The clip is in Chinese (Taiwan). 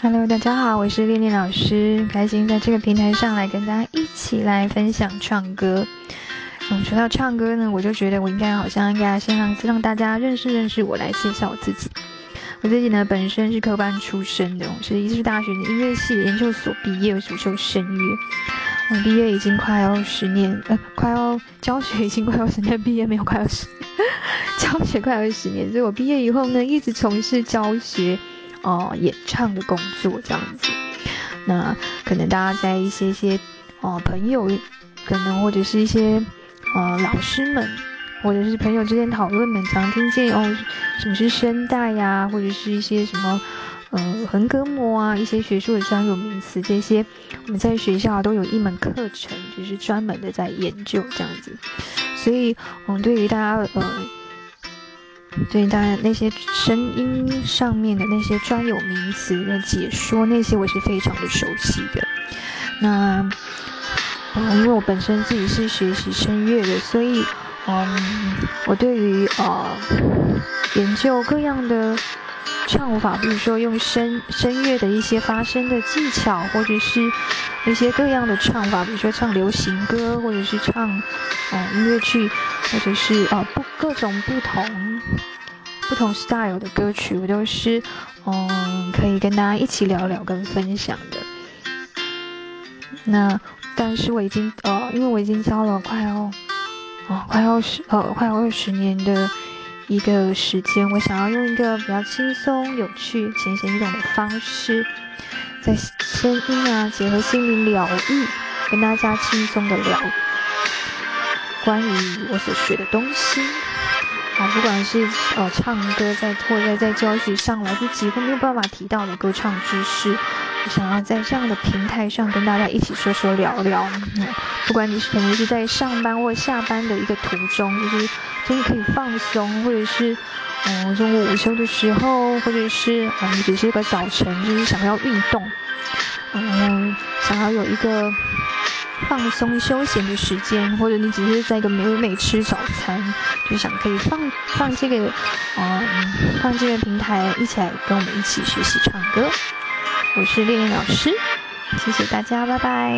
Hello，大家好，我是 Lian-Ying 老師，很開心在這個平台上來跟大家一起來分享唱歌。嗯，說到唱歌呢，我就覺得我應該好像應該先讓讓大家認識認識我，來介紹我自己。我自己呢，本身是科班出身的，我是，一思是大學的音樂系研究所畢業，主修聲樂。我畢業已經快要十年，呃，快要教學已經快要十年，畢業沒有快要十年 教學快要十年，所以我畢業以後呢，一直從事教學。哦、呃，演唱的工作這樣子，那可能大家在一些些哦、呃、朋友，可能或者是一些呃老師們，或者是朋友之間討論們常聽見哦什麼是聲帶呀，或者是一些什麼嗯橫膈膜啊，一些學術的專有名詞這些，我們在學校、啊、都有一門課程，就是專門的在研究這樣子，所以我們、嗯、對於大家呃。對，大家那些聲音上面的那些專有名詞的解說，那些我是非常的熟悉的。那，呃、因為我本身自己是學習聲樂的，所以，嗯，我對於呃研究各樣的唱法，比如說用聲聲樂的一些發聲的技巧，或者是那些各樣的唱法，比如說唱流行歌，或者是唱，嗯、呃，音樂劇，或者是啊不。呃各種不同、不同 style 的歌曲，我都是，嗯，可以跟大家一起聊聊跟分享的。那，但是我已經，呃、哦，因為我已經教了快要，哦，快要十，呃、哦，快二十年的一個時間，我想要用一個比較輕鬆、有趣、淺顯易懂的方式，在聲音啊結合心靈療癒，跟大家輕鬆的聊，關於我所學的東西。啊、嗯，不管是呃唱歌在，在或者在教學上來不及，都沒有辦法提到的歌唱知識，我想要在這樣的平台上跟大家一起說說聊聊。嗯、不管你是可能是在上班或下班的一個途中，就是就是可以放鬆，或者是嗯中午午休的時候，或者是嗯只是一個早晨，就是想要運動，嗯，想要有一個。放鬆休閒的時間，或者你只是在一個美美吃早餐，就想可以放放這個，嗯，放這個平台一起來跟我們一起學習唱歌。我是 Lian-Ying 老師，謝謝大家，拜拜。